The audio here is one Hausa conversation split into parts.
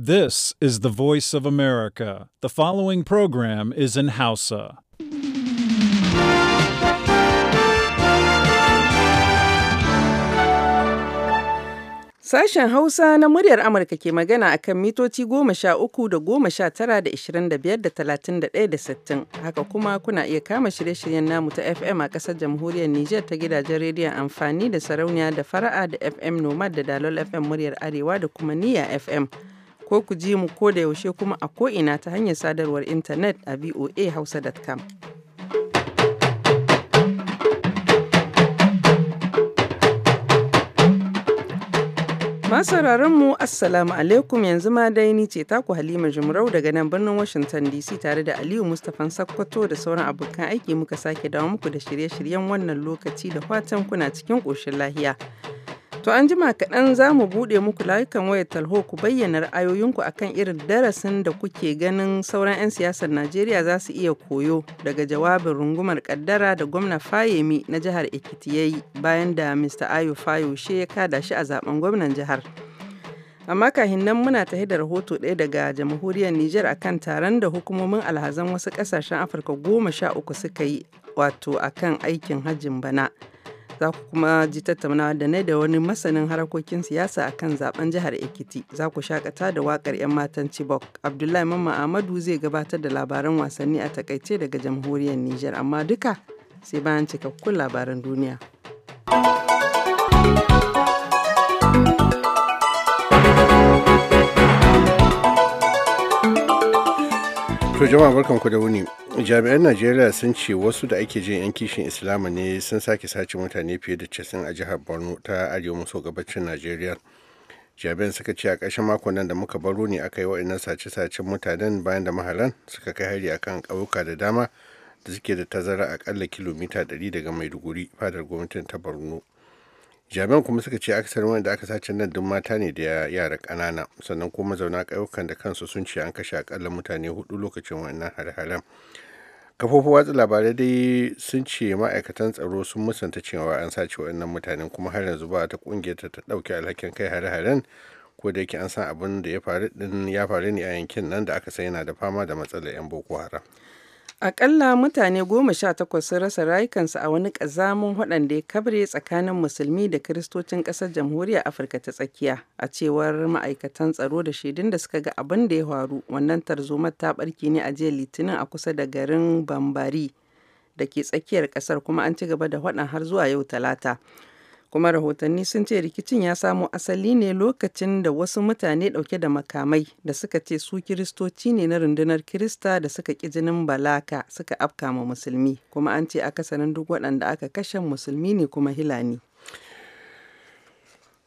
This is the voice of America. The following program is in Hausa. Sashen Hausa na muryar Amurka ke magana a kan mitoci goma sha uku da goma sha tara da ishirin da biyar da talatin da ɗaya da sittin. Haka kuma kuna iya kama shirye-shiryen namu ta FM a ƙasar jamhuriyar Nijar ta gidajen rediyon amfani da sarauniya da fara'a da FM Nomad da Dalol FM muryar Arewa da kuma Niyya FM. ko ku ji mu ko da yaushe kuma a ko'ina ta hanyar sadarwar intanet a voahausa.com. Masauraran mu Assalamu alaikum yanzu ma dai ni ce taku Halima Jumrau daga nan birnin Washington DC tare da Aliyu Mustapha Sakkwato da sauran abokan aiki muka sake dawo muku da shirye-shiryen wannan lokaci da fatan kuna cikin ƙoshin lahiya. To an jima kaɗan za mu buɗe muku layukan wayar talho ku bayyana ra'ayoyinku akan irin darasin da kuke ganin sauran 'yan siyasar Najeriya za su iya koyo daga jawabin rungumar kaddara da gwamna Fayemi na jihar Ekiti ya yi bayan da Mr. Ayo Fayoshe ya kada shi a zaben gwamnan jihar. Amma kahin nan muna tahi da rahoto ɗaya daga jamhuriyar Nijar akan taron da hukumomin alhazan wasu ƙasashen Afirka goma sha uku suka yi wato akan aikin hajjin bana. za ku kuma ji tattaunawa da na da wani masanin harakokin siyasa a kan zaben jihar Ekiti za ku shakata da wakar 'yan matan Chibok. Abdullahi Mamma Ahmadu zai gabatar da labaran wasanni a takaice daga jamhuriyar Nijar amma duka sai bayan cikakkun labaran duniya. To jama'a barkanku da wuni. Jami'an Najeriya sun ce wasu da ake jin yan kishin Islama ne sun sake sace mutane fiye da casin a jihar Borno ta arewa maso gabacin Najeriya. Jami'an suka ce a ƙarshen makon nan da muka baro ne aka yi wa'annan sace-sacen mutanen bayan da mahalan suka kai hari akan ƙauyuka da dama da suke da tazara akalla kilomita 100 daga Maiduguri fadar gwamnatin ta Borno. jami'an kuma suka ce akasarin wanda aka sace nan duk mata ne da yara ƙanana sannan kuma mazauna ƙauyukan da kansu sun ce an kashe akalla mutane hudu lokacin wannan hare-haren kafofin watsa labarai dai sun ce ma'aikatan tsaro sun musanta cewa an sace waɗannan mutanen kuma har yanzu ba ta kungiyar ta ɗauki alhakin kai hare-haren ko da yake an san abin da ya faru ne a yankin nan da aka san yana da fama da matsalar 'yan boko haram Akalla mutane goma sha takwas sun rasa rayukansu a wani ƙazamin waɗanda ya kabre tsakanin musulmi da kiristocin ƙasar jamhuriyar Afirka ta tsakiya a cewar ma'aikatan tsaro da shaidun da suka ga abin da ya faru wannan tarzomar ta ɓarke ne a jiya litinin a kusa da garin Bambari da ke tsakiyar ƙasar kuma an ci gaba da waɗan har zuwa yau talata. kuma rahotanni sun ce rikicin ya samo asali ne lokacin da wasu mutane dauke da makamai da suka ce su kiristoci ne na rundunar kirista da suka ƙi jinin balaka suka afka ma musulmi kuma an ce akasarin duk waɗanda aka kashe musulmi ne kuma hilani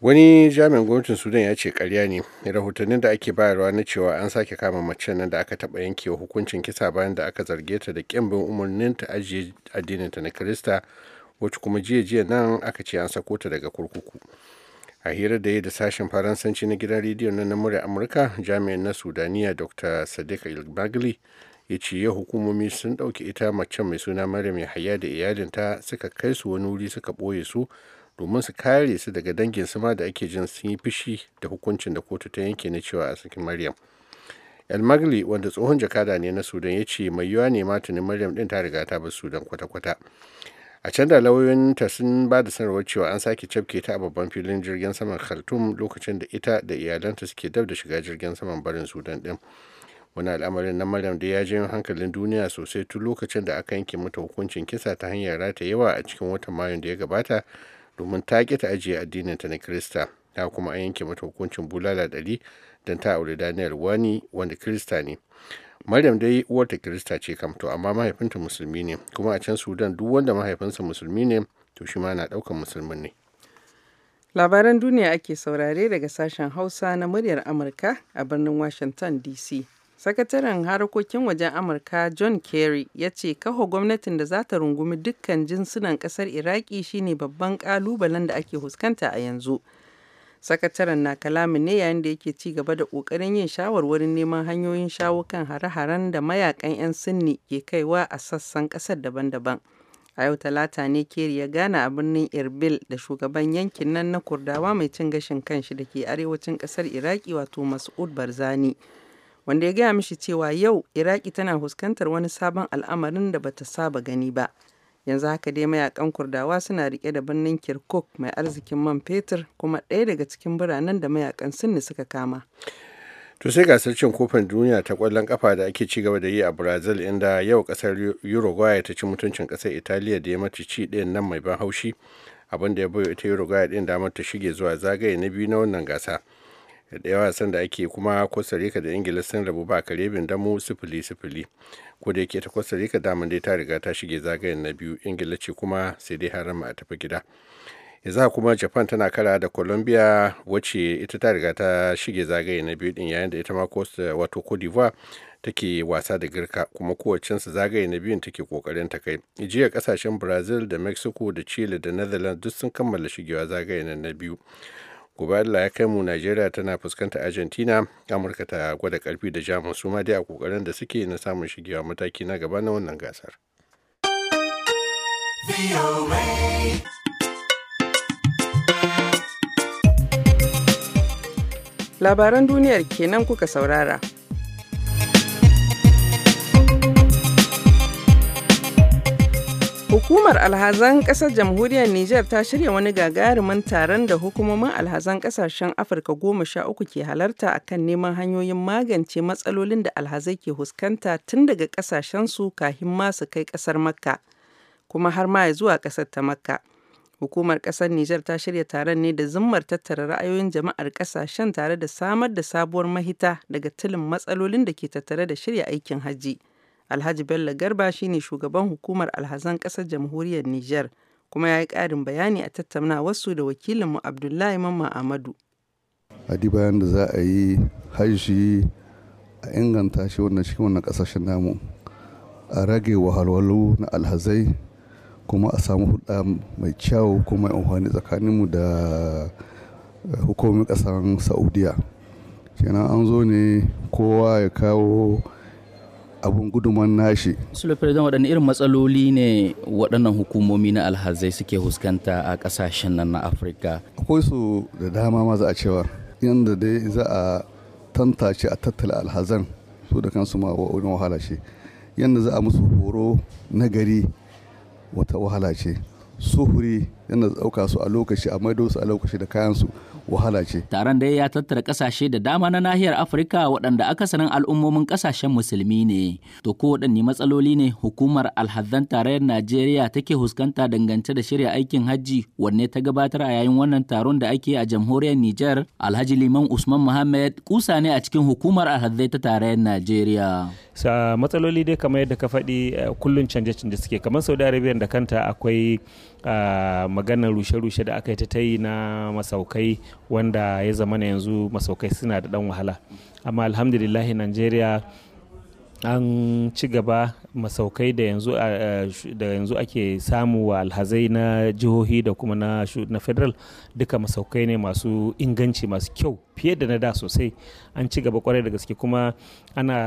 wani jami'in gwamnatin sudan ya ce karya ne rahotannin da ake bayarwa na cewa an sake kama mace nan da aka taɓa yankewa hukuncin kisa bayan da aka zarge ta da kyan bin umarnin ta ajiye addininta na kirista wacce kuma jiya jiya nan aka ce an sako ta daga kurkuku a hira da ya da sashen faransanci na gidan rediyon na murya amurka jami'in na sudaniya dr sadiq ilbagli ya ce ya hukumomi sun ɗauki ita mace mai suna maryam yahaya da iyalinta suka kai su wani wuri suka ɓoye su domin su kare su daga dangin su ma da ake jin sun yi fushi da hukuncin da kotu ta yanke na cewa a sakin maryam el magli wanda tsohon jakada ne na sudan ya ce mai yiwa ne mata ni maryam ɗin ta riga ta bar sudan kwata-kwata a can da lauyoyinta sun ba da sanarwar cewa an sake cafke ta a babban filin jirgin saman khartoum lokacin da ita da iyalanta suke dab da shiga jirgin saman barin sudan din wani al'amarin na maryam da ya janyo hankalin duniya sosai tun lokacin da aka yanke mata hukuncin kisa ta hanyar rata yawa a cikin watan mayun da ya gabata domin ta ta ajiye addininta na kirista ta kuma an yanke mata hukuncin bulala ɗari don ta aure daniel wani wanda kirista ne maryam dai uwarta kirista ce kam to amma mahaifinta musulmi ne kuma a can sudan duk wanda mahaifinsa musulmi ne to shi ma na daukan musulmin ne labaran duniya ake saurare daga sashen hausa na muryar amurka a birnin washington dc sakataren harkokin wajen amurka john kerry ya ce kawo gwamnatin da za ta rungumi dukkan jinsunan kasar iraki shine babban kalubalen da ake huskanta a yanzu Sakataren na kalamin ne yayin da yake ci gaba da kokarin yin shawarwarin neman hanyoyin shawo kan hare-haren da mayakan 'yan Sinni ke kaiwa a sassan kasar daban-daban. A yau Talata ne Keri ya gana a birnin Erbil da shugaban yankin nan na Kurdawa mai cin gashin kanshi da ke arewacin kasar Iraki wato Mas'ud Barzani. Wanda ya gaya mishi cewa yau Iraki tana fuskantar wani sabon al'amarin da bata saba gani ba. Yanzu haka dai mayakan Kurdawa suna rike da birnin Kirkuk mai arzikin man fetur kuma ɗaya daga cikin biranen da mayakan Sinni suka kama. To sai gasar cin kofin duniya ta kwallon kafa da ake ci gaba da yi a Brazil inda yau kasar Uruguay ta ci mutuncin kasar Italiya da ya mace ci ɗayan nan mai ban haushi abinda ya bayo ita Uruguay din damar ta shige zuwa zagaye na biyu na wannan gasa. da ɗaya wasan da ake kuma costa rica da ingila sun rabu ba karebin damu sifili sifili ko da yake ta costa rica daman dai ta riga ta shige zagayen na biyu ingila ce kuma sai dai harama a tafi gida yanzu kuma japan tana kara da colombia wacce ita ta riga ta shige zagaye na biyu din yayin da ita ma costa wato cote d'ivoire take wasa da girka kuma kowacinsu zagaye na biyun take kokarin ta kai jiya kasashen brazil da mexico da chile da netherlands duk sun kammala shigewa zagaye na biyu gobe allah ya kai mu najeriya tana fuskanta argentina amurka ta gwada karfi da jamus su dai a kokarin da suke na samun shigewa mataki na gaba na wannan gasar labaran duniyar kenan kuka saurara Hukumar alhazan ƙasar jamhuriyar Nijar ta shirya wani gagarumin taron da hukumomin alhazan ƙasashen Afirka goma sha uku ke halarta akan neman hanyoyin magance matsalolin da alhazai ke huskanta tun daga ƙasashensu kahin ma su kai ƙasar Makka, kuma har ma ya zuwa ƙasar ta Makka. Hukumar ƙasar Nijar ta shirya taron ne da zummar tattara ra'ayoyin jama'ar ƙasashen tare da samar da sabuwar mahita daga tilin matsalolin da ke tattare da shirya aikin hajji. Alhaji Bello Garba shine shugaban hukumar alhazan ƙasar jamhuriyar Nijar kuma ya yi ƙarin bayani a tattauna wasu da wakilinmu Abdullahi mamma Amadu. di bayan da za a yi haishi a inganta shi wannan cikin wannan ƙasashen namu a rage wahalwalu na alhazai kuma a samu hulɗa mai kyau kuma amfani tsakaninmu da eh, hukumar ƙasar saudiya kenan an zo ne kowa ya kawo abun guduman nashi. Sule Firidon waɗanne irin matsaloli ne waɗannan hukumomi na alhazai suke huskanta a ƙasashen nan na Afirka? Akwai su da dama ma za a cewa yadda dai za a tantace a tattala alhazan su da kansu ma wani wahala ce. Yadda za a musu horo na gari wata wahala ce. Suhuri yadda ɗauka su a lokaci a maido su a lokaci da kayansu. wahala ce. Taron da ya tattara kasashe da dama na nahiyar Afirka waɗanda aka akasarin al'ummomin kasashen musulmi ne. To ko waɗanne matsaloli ne hukumar alhazan tarayyar Najeriya take huskanta dangance da shirya aikin hajji wanne ta gabatar a yayin wannan taron da ake a jamhuriyar Nijar Alhaji Liman Usman Muhammad kusa ne a cikin hukumar alhazai ta tarayyar Najeriya. sa matsaloli dai kamar yadda ka faɗi eh, kullum canje-canje suke kamar saudi arabia da kanta akwai ah, maganar rushe-rushe da aka yi ta yi na masaukai wanda ya zama na yanzu masaukai suna da ɗan wahala amma alhamdulillahi nigeria an ci gaba masaukai da yanzu ah, eh, da yanzu ake samu wa alhazai na jihohi da kuma na federal duka masaukai ne masu inganci masu kyau fiye da na da sosai an ci gaba kwarai da gaske kuma ana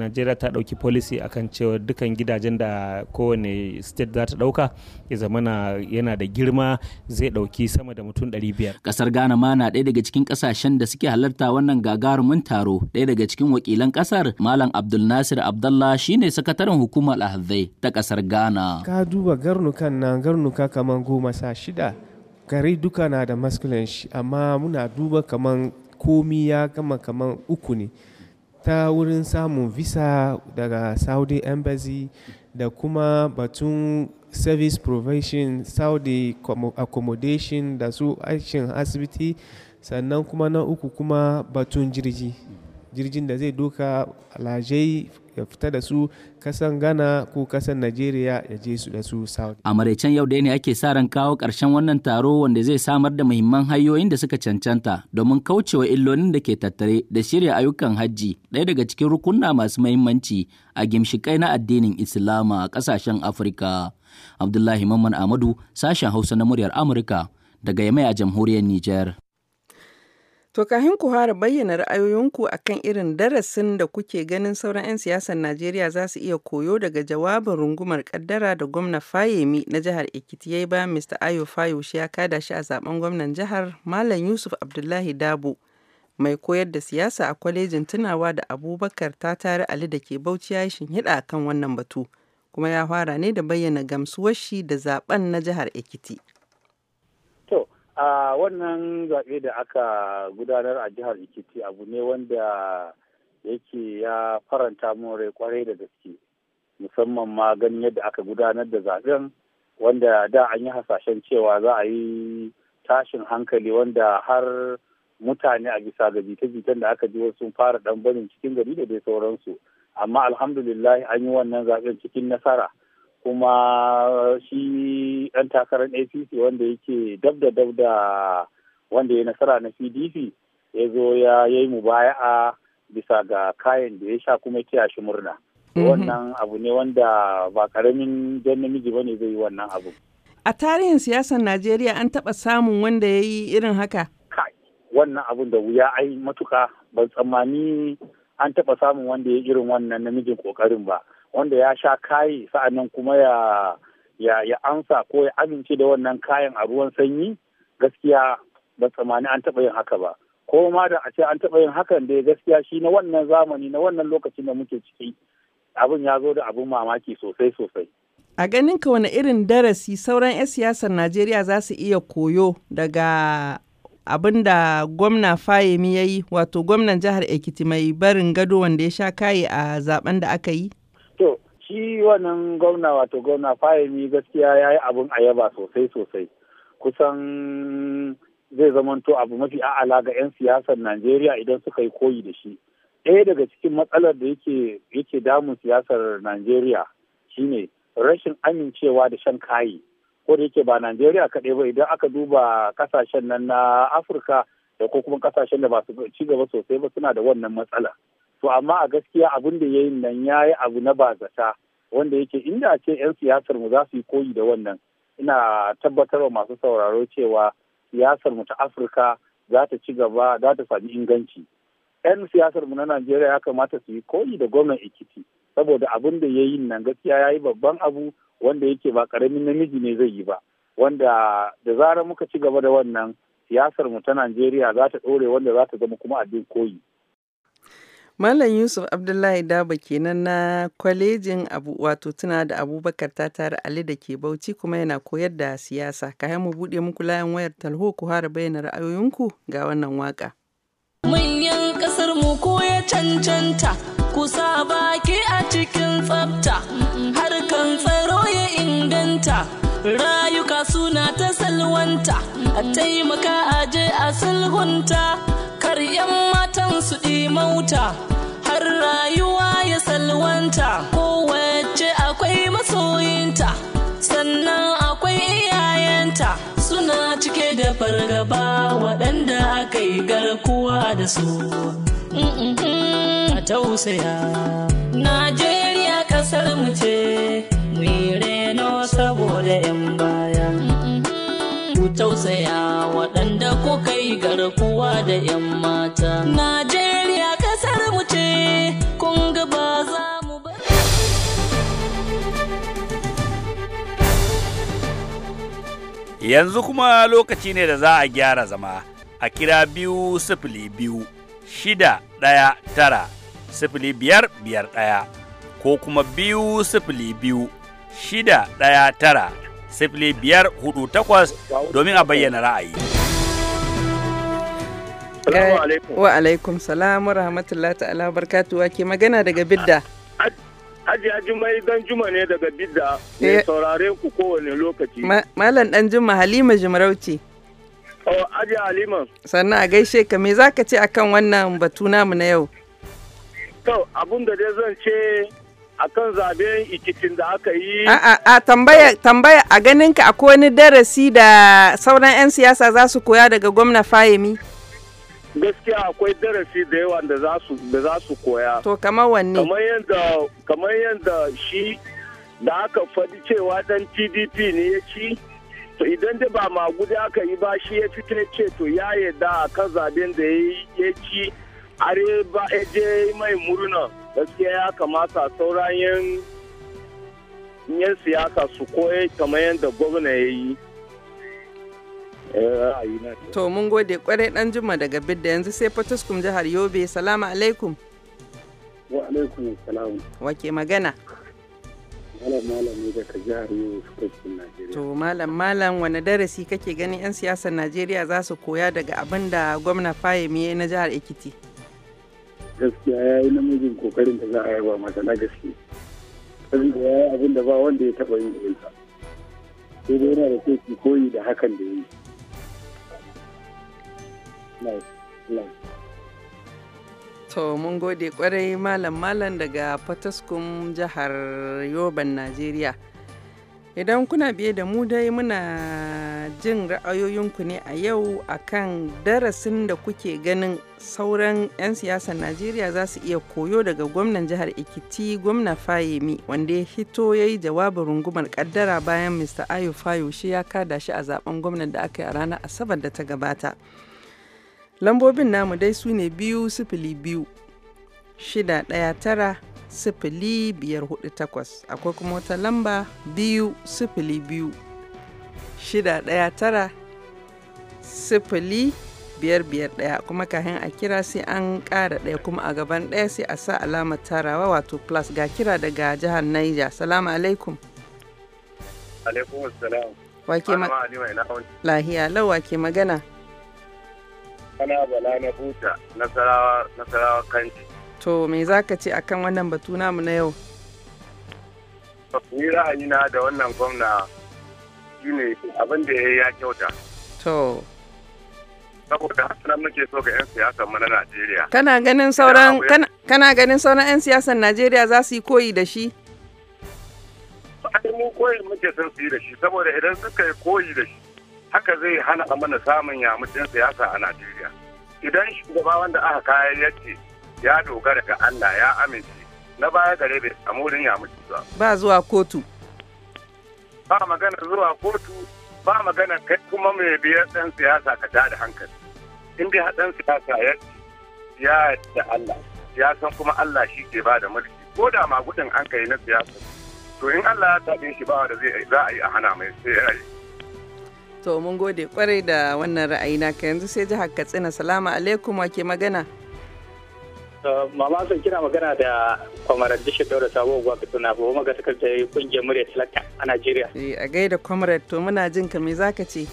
najeriya ta dauki policy akan cewa dukan gidajen da kowane state za ta dauka ya zamana yana da girma zai dauki sama da mutum 500 kasar ghana ma na ɗaya daga cikin kasashen da suke halarta wannan gagarumin taro ɗaya daga cikin wakilan kasar malam abdul nasir abdallah shine sakataren hukumar alhazai ta kasar ghana ka duba garnukan na garnuka kamar goma sha shida gari duka na da masculine shi amma muna duba kaman komi ya gama kaman uku ne ta wurin samun visa daga saudi embassy da kuma batun service provision saudi accommodation da su aikin asibiti sannan kuma na uku kuma batun jirgi jirgin da zai doka alajai ya fita da su kasan ghana ko kasan najeriya ya je su da su saudi a maraicen yau da ne ake sa ran kawo ƙarshen wannan taro wanda zai samar da muhimman hanyoyin da suka cancanta domin kaucewa illolin da ke tattare da shirya ayyukan hajji ɗaya daga cikin rukunna masu mahimmanci a gimshikai na addinin islama a ƙasashen afirka abdullahi mamman amadu sashen hausa na muryar amurka daga yamai a jamhuriyar niger To kahin ku fara bayyana ra'ayoyinku akan irin darasin da kuke ganin sauran 'yan siyasar Najeriya za su iya koyo daga jawabin rungumar kaddara da gwamna Fayemi na jihar Ekiti ya yayi ba Mr. Ayo Fayoshi ya kada shi a zaben gwamnan jihar Malam Yusuf Abdullahi Dabo mai koyar da siyasa a kwalejin tunawa da Abubakar ta tare Ali da ke Bauchi ya yi shinhiɗa akan wannan batu kuma ya fara ne da bayyana gamsuwar shi da zaben na jihar Ekiti. a wannan zaɓe da aka gudanar a jihar ikiti abu ne wanda yake ya faranta more kwarai da gaske musamman ma ganin yadda aka gudanar da zaɓen wanda da an yi hasashen cewa za a yi tashin hankali wanda har mutane a bisa ga jita-jitan da aka ji wasu fara ɗan barin cikin gari da dai sauransu amma alhamdulillah an yi wannan zaɓen cikin nasara kuma shi ɗan takarar apc wanda yake dab da dab da wanda ya nasara na CDC, ya zo ya yi mu baya a bisa ga kayan da ya sha kuma kiya shi murna mhm. wannan abu ne wanda ba karamin jan namiji ba ne zai yi wannan abu a tarihin siyasar najeriya an taɓa samun wanda ya yi irin haka wannan abun da wuya ai matuka ban tsammani an taɓa samun wanda ya irin wannan namijin ƙoƙarin ba wanda ya sha kayi sa'annan kuma ya ya ya amsa ko ya amince da wannan kayan a ruwan sanyi gaskiya ba tsammani an taɓa yin haka ba ko ma da a ce an taɓa yin hakan da gaskiya shi na wannan zamani na wannan lokacin da muke ciki abin ya zo da abin mamaki sosai sosai a ganin ka wani irin darasi sauran 'yan siyasar najeriya za su iya koyo daga abin da gwamna fayemi ya yi wato gwamnan jihar ekiti mai barin gado wanda ya sha kaye a zaben da aka yi shi wannan gwamna wato gwamna fahimi gaskiya ya yi abin ayaba sosai sosai kusan zai zamanto abu mafi a'ala ga 'yan siyasar najeriya idan suka yi koyi da shi ɗaya daga cikin matsalar da yake yake damun siyasar najeriya shine rashin amincewa da shan kayi ko da yake ba najeriya kaɗai ba idan aka duba kasashen nan na afirka da ko kuma kasashen da ba su ci gaba sosai ba suna da wannan matsala to amma a gaskiya abin da ya yi nan ya yi abu na bazata wanda yake inda a ce 'yan siyasar mu za su yi koyi da wannan ina tabbatar wa masu sauraro cewa siyasar mu ta afirka za ta ci gaba za ta sami inganci 'yan siyasar mu na najeriya ya kamata su yi koyi da gwamnan ikiti saboda abin da ya yi nan gaskiya ya yi babban abu wanda yake ba karamin namiji ne zai yi ba wanda da zarar muka ci gaba da wannan siyasar mu ta najeriya za ta ɗore wanda za ta zama kuma abin koyi Malam Yusuf Abdullahi Daba kenan na kwalejin abu wato tuna da Abubakar ta tare Ali da ke Bauchi kuma yana koyar da siyasa. Ka mu buɗe muku layin wayar talho ku hara bayyana ra'ayoyinku ga wannan waka. Manyan ƙasar mu ko ya cancanta kusa baki a cikin tsafta harkan tsaro ya inganta rayuka suna ta salwanta a taimaka a je a sulhunta kar 'yan matan su mauta har rayuwa ya salwanta kowace akwai masoyinta sannan akwai iyayenta suna cike da fargaba waɗanda aka yi garkuwa da su a tausaya najeriya ƙasar mu ce mu reno saboda 'yan baya tausaya waɗanda kuka yi garkuwa da 'yan mata. Najeriya ƙasar mu ce, kun ga ba za mu ba. Yanzu kuma lokaci ne da za a gyara zama, a kira biyu sifili biyu, shida ɗaya tara, sifili biyar biyar ɗaya, ko kuma biyu sifili biyu, shida ɗaya tara. sifili biyar hudu takwas domin a bayyana ra'ayi. Eh, wa alaikum salam wa rahmatullahi ta'ala barkatuwa ke magana daga bidda. Hajiya Jumai dan Juma ne daga bidda ne eh. saurare ku kowane lokaci. Malam dan Juma Halima Jimarauci. Oh, Hajiya Halima. Sannan a gaishe ka me zaka ce akan wannan batu namu na yau? To abun da dai zan ce akan zaben ikitin da aka yi a tambaya tambaya a ganin ka akwai wani darasi da sauran 'yan siyasa za su koya daga gwamna fayemi gaskiya akwai darasi da yawa da za su koya to kamar wanne kamar yadda kamar yadda shi da aka faɗi cewa dan pdp ne ya ci to idan da ba gudu aka yi ba shi ya fitar ce to ya yarda a kan zaben da ya ci are ba je mai murna gaskiya ya kamata saurayin yan siyasa su koye kamar yadda gwamna ya yi eh, to mun gode kwarai dan juma daga bidda yanzu sai fatuskum jihar yobe salamu alaikum wa alaikum salamu wake magana malam malam ne daga jihar yobe fatuskum najeriya to malam malam wani darasi kake ganin yan siyasar najeriya za su koya daga abin da gwamna fayemi na jihar ekiti gaskiya ya yi namijin kokarin da za a yaba masa na gaske saboda ya yi abin da ba wanda ya taɓa yin irinsa sai dai yana da sai koyi da hakan da ya yi To mun gode kwarai malam malam daga fataskun jihar Yoban Najeriya. Idan kuna biye da mu dai muna jin ra'ayoyinku ne a yau akan darasin da kuke ganin sauran 'yan siyasar Najeriya za su iya koyo daga gwamnan jihar Ekiti gwamna Fayemi wanda ya hito ya yi jawabin rungumar kaddara bayan Mr. Ayo Fayo shi ya kada shi a zaben gwamnan da aka yi a ranar Asabar da ta gabata. Lambobin namu dai su ne biyu sifili biyu shida ɗaya tara sifili biyar hudu takwas akwai kuma wata lamba biyu sifili biyu shida daya tara sifili biyar biyar daya kuma kahin a kira sai an kara daya kuma a gaban daya sai a sa alamar tarawa wato plus ga kira daga jihar Niger salamu alaikum alaikum wake ma lahiya lau wake magana ana bala na buta nasarawa nasarawa to me za ka ce akan wannan batu namu na yau ni ra'ayi na da wannan gwamna shine abin da ya yi ya kyauta to saboda haka muke so ga 'yan siyasar mu na Najeriya. Kana ganin sauran kana ganin sauran 'yan siyasar Najeriya za su yi koyi da shi? Ai mu koyi muke son su yi da shi saboda idan suka yi koyi da shi haka zai hana mana samun yamucin siyasa a Najeriya. Idan shugaba wanda aka kaya ya ce ya dogara ga Allah ya amince na baya gare bai samu wurin ya mutu ba ba zuwa kotu ba magana zuwa kotu ba magana kai kuma mai biyar ɗan siyasa ka da hankali in dai haɗan siyasa ya ya da Allah ya san kuma Allah shi ke ba da mulki ko da ma gudun an kai na siyasa to in Allah ya taɓe shi ba da zai za a yi a hana mai sai ya yi to mun gode kwarai da wannan ra'ayi na ka yanzu sai jihar Katsina salamu alaikum wa ke magana mama sun kira magana da kwamarar dishe da sabo gwa suna ba kuma ga takardar kungiyar murya talaka a najeriya eh, a gaida kwamarar to muna jin ka me zaka ce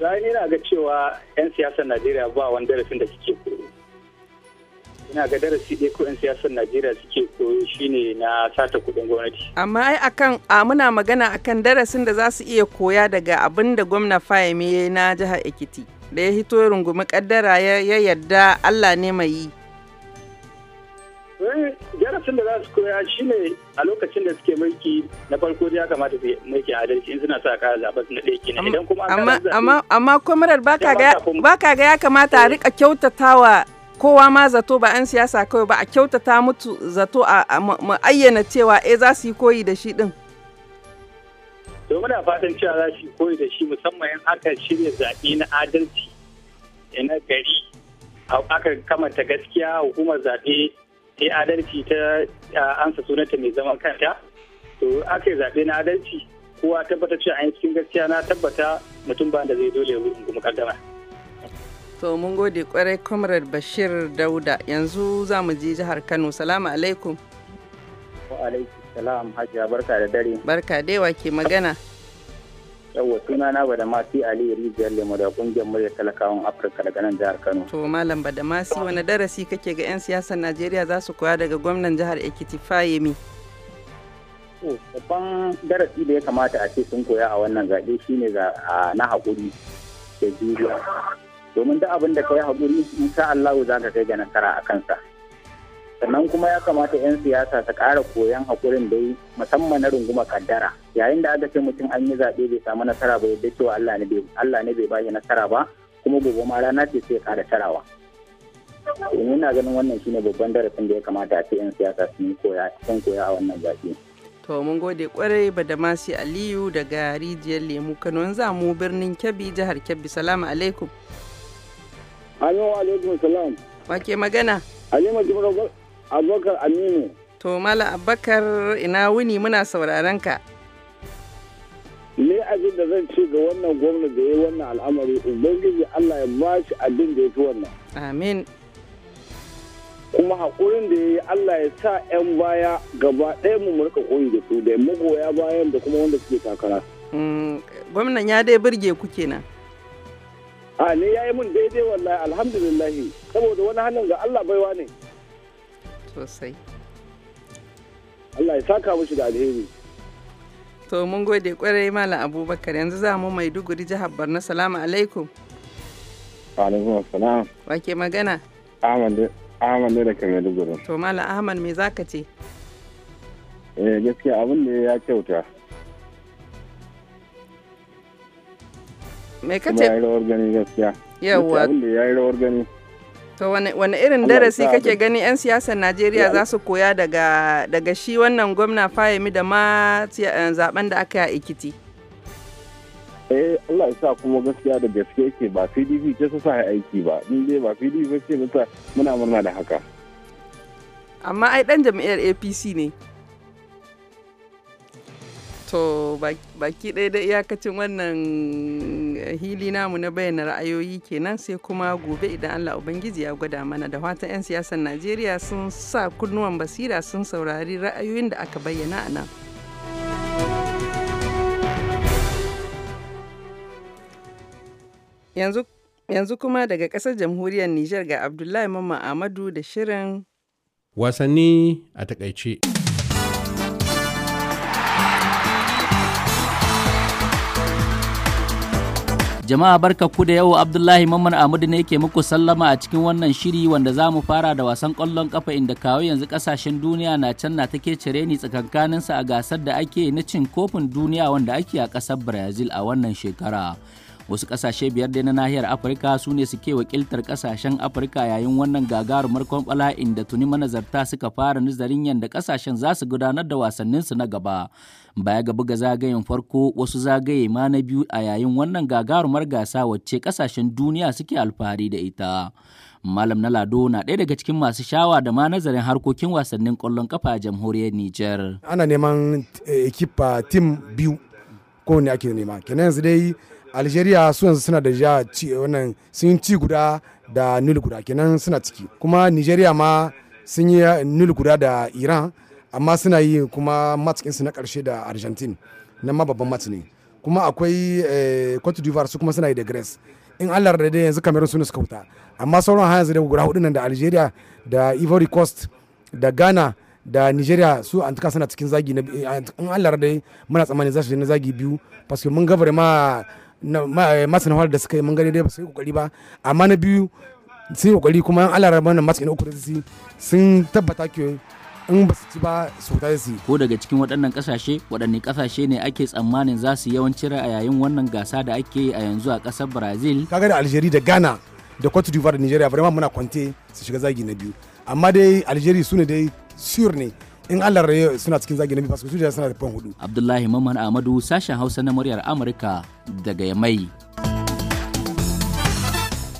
zai ina ga cewa yan siyasar najeriya ba wani darasin da suke koyo ina ga darasi ɗaya ko yan siyasar najeriya suke koyo shine na sata kuɗin gwamnati amma ai akan a muna magana akan darasin da za su iya koya daga abin da gwamna fayame na jihar ekiti da ya hito rungumi kaddara ya yarda allah ne mai yi darasin da za su koya shine a lokacin da suke mulki na farko ya kamata su mulki adalci in suna sa kara zaɓa su na ɗaya kenan idan kuma an kara amma amma kwamarar baka ga ya kamata a eh. rika kyautatawa kowa ma zato ba an siyasa kawai ba a kyautata mutu zato a mu ayyana cewa eh za su yi koyi da shi din to muna fatan cewa za su yi koyi da shi musamman in aka shirya zaɓe na adalci na gari aka kamata gaskiya hukumar zaɓe ta yi adalci ta ansa sunanta mai zaman kanta to aka yi zaɓe na adalci kowa tabbata cewa an cikin gaskiya na tabbata mutum ba da zai dole ya wuce kuma kaddama. to mun gode kwarai comrade bashir dauda yanzu za mu je jihar kano salamu alaikum wa alaikum salam hajiya barka da dare barka dai wa ke magana yawa suna na badamasi ali rijiyar lemo da kungiyar murya talakawan afirka daga nan jihar kano to malam badamasi wani darasi kake ga 'yan siyasar najeriya za su koya daga gwamnan jihar ekiti fayemi babban darasi da ya kamata a ce sun koya a wannan zaɓe shine ga na haƙuri da juriya domin duk abin da ka yi haƙuri in sha Allahu za ka kai ga nasara a kansa sannan kuma ya kamata 'yan siyasa su kara koyon haƙurin da yi musamman na runguma kaddara yayin da aka ce mutum an yi zaɓe bai samu nasara ba yadda cewa Allah ne bai Allah ne bai ba shi nasara ba kuma gobe ma rana ce sai kara tarawa domin ina ganin wannan shine babban darasin da ya kamata a ce 'yan siyasa sun koya sun koya a wannan zaɓe to mun gode kwarai badamasi aliyu daga rijiyar lemu kano yanzu mu birnin kebbi jihar kebbi salamu alaikum alaikum salam wa ke magana halima jimarau Abubakar Aminu. To Mala Abubakar ina wuni muna sauraron ka. Ni abin da zan ce ga wannan gwamna da ya yi wannan al'amari Ubangiji Allah ya ba shi abin da ya fi wannan. Amin. Kuma haƙurin da ya yi Allah ya sa 'yan baya gaba ɗaya mu murka koyi da su da magoya bayan da kuma wanda suke takara. Mm, gwamnan ya dai birge ku kenan. A ne ya yi mun daidai wallahi alhamdulillahi saboda wani hannun ga Allah baiwa ne. sosai Allah ya saka mushi da alheri to mun gode kwarai mala abubakar yanzu za mu maiduguri jihar borno salamu alaikum Wa alaikum assalam wa ke magana ahmad ahmad ne daga maiduguri to mala ahmad me zaka ce eh gaskiya abin da ya kyauta me kace ya yi rawar gani gaskiya yawwa abin da ya yi rawar gani To wani irin darasi kake gani 'yan siyasar Najeriya za su koya daga, shi wannan gwamna Fahimi da ma eh, zaben da aka yi Ikiti? Eh Allah ya sa kuma gaskiya da gaske yake ba PDP ce su sa aiki ba. In dai ba PDP ce muna murna da haka. Amma ai dan jam'iyyar APC ne. To baki ɗaya da iyakacin wannan hili namu na bayyana ra'ayoyi kenan sai kuma gobe idan Allah Ubangiji ya gwada mana da fatan 'yan siyasar Najeriya sun sa kunnuwan basira sun saurari ra'ayoyin da aka bayyana a nan. Yanzu, kuma daga ƙasar jamhuriyar Nijar ga Abdullahi Mamman Amadu da shirin wasanni a takaice. Jama'a barka ku da yau Abdullahi Mamman Ahmadu ne ke muku sallama a cikin wannan shiri wanda za mu fara da wasan kwallon kafa inda kawo yanzu kasashen duniya na can na take cire ni tsakankaninsa a gasar da ake na cin kofin duniya wanda ake a kasar Brazil a wannan shekara. wasu kasashe biyar da na nahiyar afirka su ne suke wakiltar kasashen afirka yayin wannan gagarumar kwamfala inda tuni manazarta suka fara nazarin yadda kasashen za su gudanar da wasanninsu na gaba baya ga buga zagayen farko wasu zagaye ma na biyu a yayin wannan gagarumar gasa wacce kasashen duniya suke alfahari da ita malam na lado na ɗaya daga cikin masu shawa da ma nazarin harkokin wasannin kwallon kafa a jamhuriyar niger ana neman eh, ekipa tim biyu ne ake nema kenan yanzu dai algeria su yanzu suna da ja wannan sun ci guda da nil guda kenan suna ciki kuma nigeria ma sun yi nil guda da iran amma suna yi kuma match na karshe da argentine na ma babban match ne kuma akwai eh, cote d'ivoire su kuma suna yi da grace in allah da dai yanzu cameroon suna suka wuta amma sauran har yanzu da guda hudu nan da algeria da ivory coast da ghana da nigeria su an tuka suna cikin zagi na eh, in allah da dai muna tsammanin za su na zagi biyu paske mun gabar ma Eh, masana da suka yi mun da dai ba su yi kokari ba amma na biyu sun yi kokari kuma an alara wannan masu ina uku da sun tabbata ke in ba su ci ba su ta su ko daga cikin waɗannan ƙasashe waɗanne ƙasashe ne ake tsammanin za su yawanci a yayin wannan gasa da ake yi a yanzu a ƙasar brazil kaga da algeria da ghana da cote d'ivoire da nigeria vraiment muna kwante su shiga zagi na biyu amma dai algeria su ne dai sure ne in Allah rayu suna cikin zagi na biyu su suna da fan hudu Abdullahi mamman Ahmadu sashen Hausa na muryar Amurka daga Yamai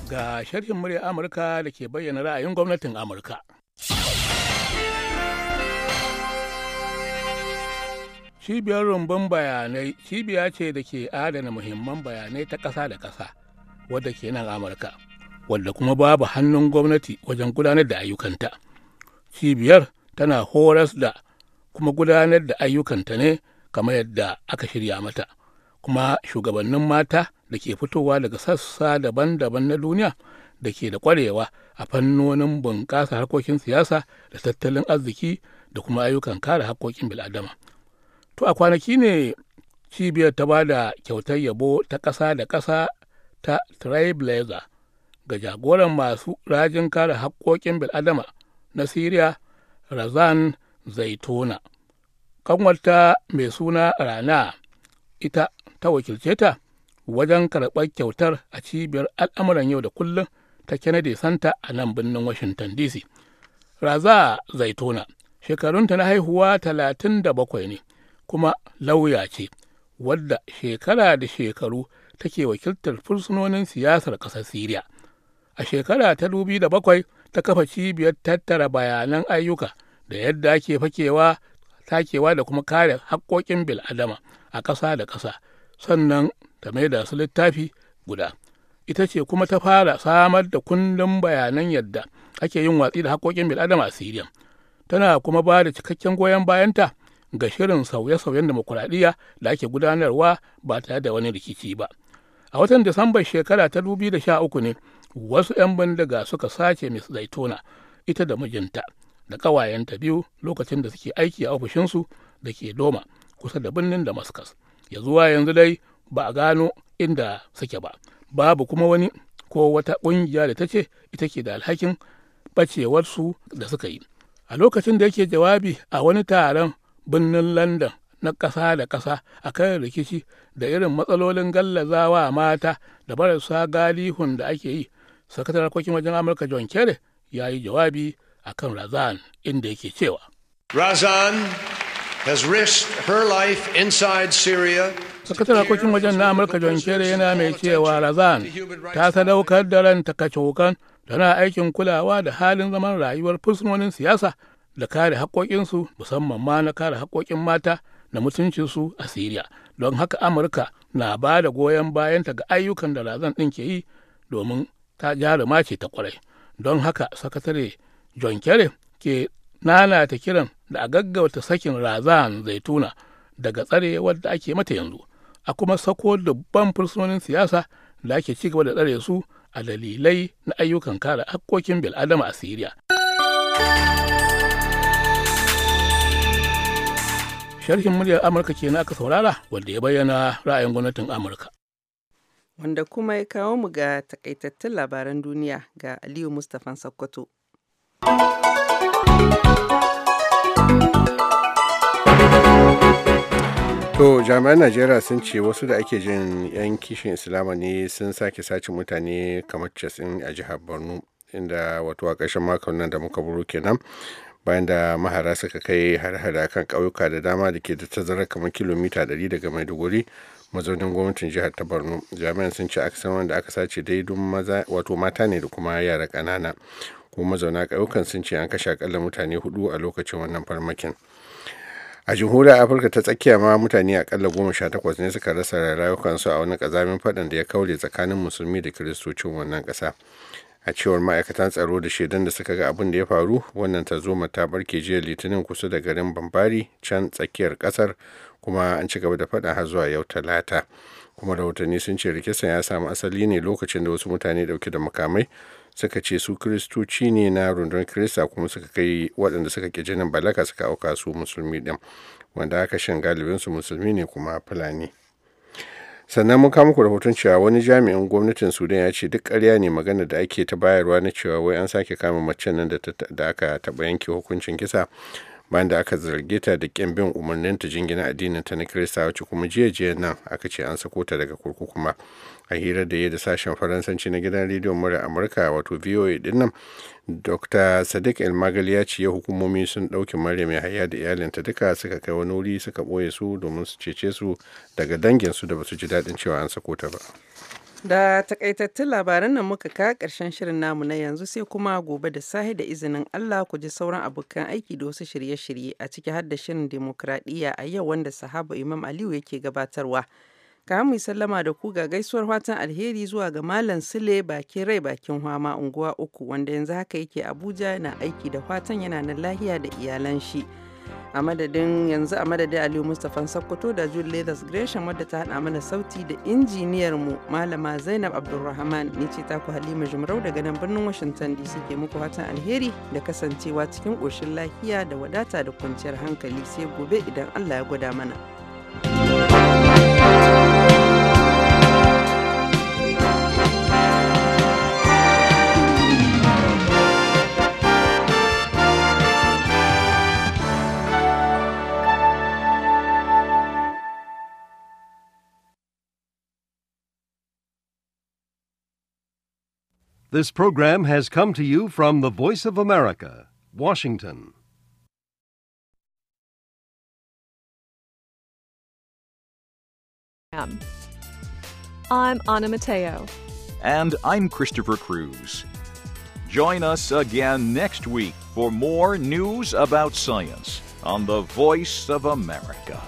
ga sharhin muryar Amurka da ke bayyana ra'ayin gwamnatin Amurka Cibiyar rumbun bayanai cibiya ce da ke adana muhimman bayanai ta ƙasa da ƙasa wadda ke nan Amurka wadda kuma babu hannun gwamnati wajen gudanar da ayyukanta. Cibiyar tana horas da kuma gudanar da ayyukanta ne kamar yadda aka shirya mata kuma shugabannin mata da ke fitowa daga sassa daban-daban na duniya da ke da kwarewa a fannonin bunƙasa harkokin siyasa da tattalin arziki da kuma ayyukan kare harkokin bil'adama to a kwanaki ne cibiyar ta ba da kyautar yabo ta ƙasa da ƙasa ta trailblazer ga jagoran masu rajin kare haƙƙoƙin bil'adama na siriya razan zaitona kanwarta mai suna rana ita ta wakilce ta wajen karɓar kyautar a cibiyar al'amuran yau da kullum ta kennedy santa a nan birnin washington dc raza zaitona shekarunta na haihuwa talatin da bakwai ne kuma lauya ce wadda shekara da shekaru take wakiltar fursunonin siyasar ƙasar siriya a shekara ta dubi da bakwai ta kafa cibiyar tattara bayanan ayyuka da yadda ake fakewa takewa da kuma kare haƙƙoƙin bil'adama a ƙasa da ƙasa sannan ta maida su littafi guda ita ce kuma ta fara samar da kundin bayanan yadda ake yin watsi da haƙƙoƙin bil'adama a siriya tana kuma ba da cikakken goyon bayanta ga shirin sauye-sauyen demokuraɗiyya da ake gudanarwa ba tare da wani rikici ba a watan disambar shekara ta 2013 ne wasu 'yan bandaga suka sace miss zaitona ita da mijinta da kawayenta biyu lokacin da suke aiki a ofishinsu da ke doma kusa da birnin damascus ya zuwa yanzu dai ba a gano inda suke ba babu kuma wani ko wata ƙungiya da ta ce ita ke da alhakin bacewarsu da suka yi a lokacin da yake jawabi a wani taron birnin london na ƙasa da ƙasa a kan rikici da irin matsalolin gallazawa mata da barasa galihun da ake yi Sakatar harkokin wajen amurka john kerry ya yi jawabi a kan razan inda yake cewa razan has risked her life inside syria sakataren harkokin wajen na amurka john kerry yana mai cewa razan ta sadaukar da ranta kace wukan tana aikin kulawa da halin zaman rayuwar fursunonin siyasa da kare haƙoƙinsu musamman ma na kare haƙoƙin mata na mutuncinsu a siriya don haka amurka na ba da goyon bayanta ga ayyukan da razan ɗin ke yi domin ta jaruma ce ta kwarai don haka sakatare john kerry ke nanata kiran da a gaggauta sakin razan zaituna daga tsare wadda ake mata yanzu a kuma sako dubban fursunonin siyasa da ake ci gaba da tsare su a dalilai na ayyukan kare hakkokin bil'adama a siriya sharhin muryar amurka ke na aka saurara wanda ya bayyana ra'ayin gwamnatin amurka wanda kuma ya kawo mu ga takaitattun labaran duniya ga Aliyu Mustafan Sokoto. To jami'an Najeriya sun ce wasu da ake jin 'yan kishin Islama ne sun sake sace mutane kamar casin a jihar Borno inda wato a ƙarshen makon nan da muka buru kenan bayan da mahara suka kai har-hada kan ƙauyuka da dama da ke da tazarar kamar kilomita 100 daga Maiduguri mazaunin gwamnatin jihar ta borno jami'an sun ce san wanda aka sace dai don maza wato mata ne da kuma yara kanana kuma mazauna ƙauyukan sun ce an kashe akalla mutane hudu a lokacin wannan farmakin a jamhuriyar afirka ta tsakiya ma mutane akalla goma sha takwas ne suka rasa rayukansu a wani kazamin faɗan da ya kaure tsakanin musulmi da kiristocin wannan kasa a cewar ma'aikatan tsaro da shaidan da suka ga abin da ya faru wannan ta zoma ta barke jiya litinin kusa da garin bambari can tsakiyar ƙasar kuma an ci gaba da faɗa har zuwa yau talata kuma rahotanni sun ce rikisan ya samu asali ne lokacin da wasu mutane dauke da makamai suka ce su kiristoci ne na rundunar kirista kuma suka kai waɗanda suka ƙi jinin balaka suka auka su musulmi ɗin wanda aka shan galibin su musulmi ne kuma fulani sannan mun kama ku rahoton cewa wani jami'in gwamnatin sudan ya ce duk karya ne magana da ake ta bayarwa na cewa wai an sake kama mace nan da aka taɓa yanke hukuncin kisa bayan da aka zarge ta da kyanbin bin umarnin ta jingina addinin ta na kirista wacce kuma jiya jiya nan aka ce an sako ta daga kurkukuma a hirar da ya da sashen faransanci na gidan rediyon murar amurka wato voa din nan dr sadiq elmagal ya ce hukumomi sun ɗauki maryam yahaya da iyalinta duka suka kai wani wuri suka boye su domin su cece su daga danginsu da basu ji daɗin cewa an sako ta ba. Da takaitattun labaran nan muka ka karshen shirin namu na yanzu sai kuma gobe da sahi da izinin Allah ku ji sauran abokan aiki da wasu shirye-shirye a ciki har da shirin demokradiyya a yau wanda sahaba Imam Aliyu yake gabatarwa. Ka mu sallama da ku ga gaisuwar fatan alheri zuwa ga Malam Sule bakin rai bakin hwama unguwa uku wanda yanzu haka yake Abuja na aiki da fatan yana nan lahiya da iyalan shi. a madadin yanzu a madadin aliyu mustapha sakkwato da jude leathers gresham wadda ta hada mana sauti da injiniyar mu malama zainab abdulrahman ni ce ta ku halima jumrau daga nan birnin washington dc ke muku fatan alheri da kasancewa cikin koshin lafiya da wadata da kwanciyar hankali sai gobe idan allah ya gwada mana. thank you This program has come to you from the Voice of America, Washington. I'm Anna Mateo. And I'm Christopher Cruz. Join us again next week for more news about science on the Voice of America.